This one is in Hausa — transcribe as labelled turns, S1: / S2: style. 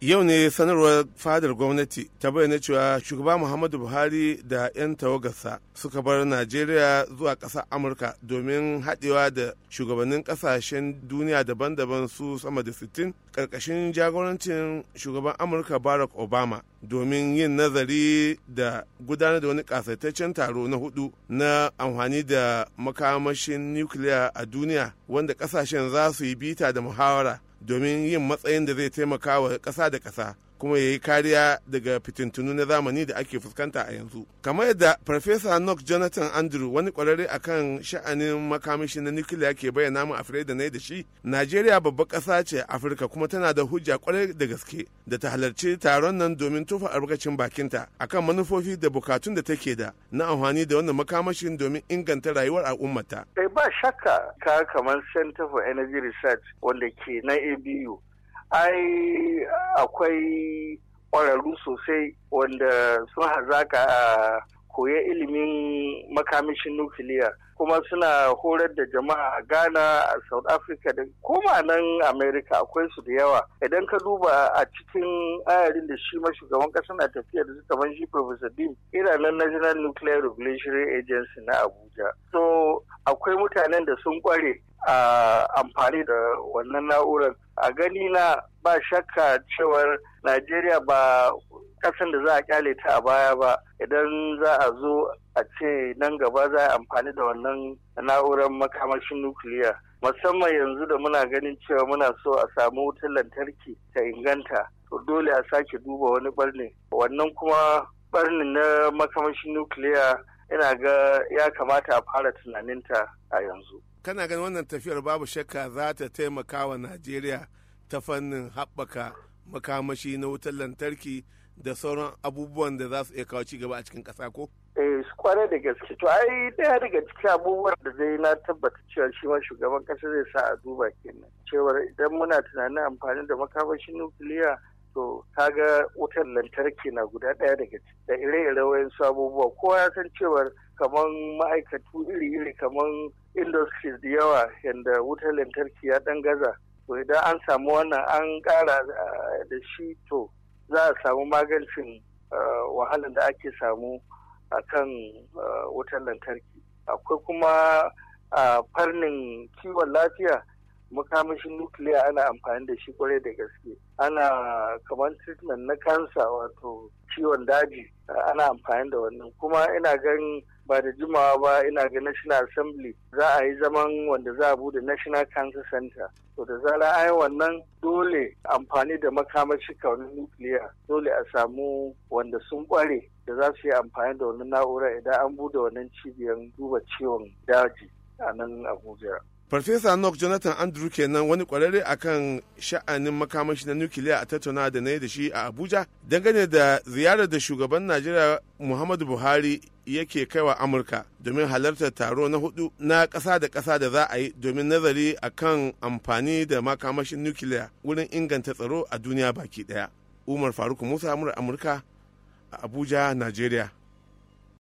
S1: yau ne sanarwar fadar gwamnati ta bayyana cewa shugaba muhammadu buhari da 'yan tawagarsa suka bar najeriya zuwa ƙasar amurka domin haɗewa da shugabannin ƙasashen duniya daban-daban su sama da 60 ƙarƙashin jagorancin shugaban amurka barack obama domin yin nazari da gudanar da wani ƙasaitaccen taro na hudu na amfani da makamashin nukiliya a duniya wanda ƙasashen za su yi bita da muhawara domin yin matsayin da zai taimaka wa ƙasa da ƙasa kuma ya yi kariya daga fitintunu na zamani da ake fuskanta a yanzu kamar yadda farfesa nock jonathan andrew wani kwararre kan sha'anin makamashi na nukiliya ke bayyana mu afirai da na da shi najeriya babbar ƙasa ce afirka kuma tana da hujja kwarai da gaske da ta halarci taron nan domin tufa albarkacin bakinta akan manufofi da bukatun da take da na amfani da wannan makamashin domin inganta rayuwar al'ummata.
S2: Eh, ba shakka ka kamar center for energy research wanda ke na abu ai akwai ƙwararru sosai wanda sun hazaka a koya ilimin makamishin nukiliya kuma suna horar da jama'a a ghana a south africa da koma nan america akwai su da yawa idan ka duba a cikin ayarin da shi ma shugaban kasa na tafiya da kamar shi professor dim iranan national nuclear regulatory agency na abuja so akwai mutanen da sun kware a amfani da wannan na'urar a gani na ba shakka cewar najeriya ba kasan da za a kyale ta a baya ba idan za a zo a ce nan gaba za a amfani da wannan na'urar makamashin nukiliya musamman yanzu da muna ganin cewa muna so a samu wutar lantarki ta inganta to dole a sake duba wani barni wannan kuma barni na makamashin nukiliya ina ga ya kamata a fara tunaninta a yanzu
S1: kana ganin wannan tafiyar babu shakka za ta taimaka wa najeriya ta fannin haɓaka makamashi na wutar lantarki da sauran abubuwan da za su iya kawo cigaba a cikin ƙasa ko?
S2: eh kwarai da gaske to ai daya daga cikin abubuwan da zai na tabbata cewa shi ma shugaban ƙasa zai sa a duba kenan cewar idan muna tunanin amfani da makamashin nukiliya to kaga wutar lantarki na guda daya daga da ire-ire su abubuwa kowa ya san cewar kaman ma'aikatu iri-iri kamar. industries da yawa yadda wutar lantarki ya dan gaza to idan an samu wannan an kara eh, da shi to za a samu magancin eh, wahalar da ake samu a kan eh, wutar lantarki akwai kuma a farnin kiwon lafiya makamashin nukiliya ana amfani da shi kwarai da gaske ana kamar treatment na kansa wato ciwon daji ana amfani da wannan kuma ina ganin ba da jimawa ba ina ga national assembly za a yi zaman wanda za a bude national cancer center to da zara ayi wannan dole amfani da makamashi kaunin nukiliya dole a samu wanda sun kware da za su yi amfani da wani na'ura idan an bude wannan cibiyar duba ciwon daji a nan abuja
S1: farfesa nok jonathan andrew kenan wani kwararre akan sha'anin makamashi na nukiliya a tattauna da na yi da shi a abuja dangane da ziyarar da shugaban najeriya muhammadu buhari yake kaiwa amurka domin halartar taro na hudu na ƙasa da ƙasa da za a yi domin nazari akan amfani da makamashin nukiliya wurin inganta tsaro a duniya baki daya umar faruk musa amurka a abuja najeriya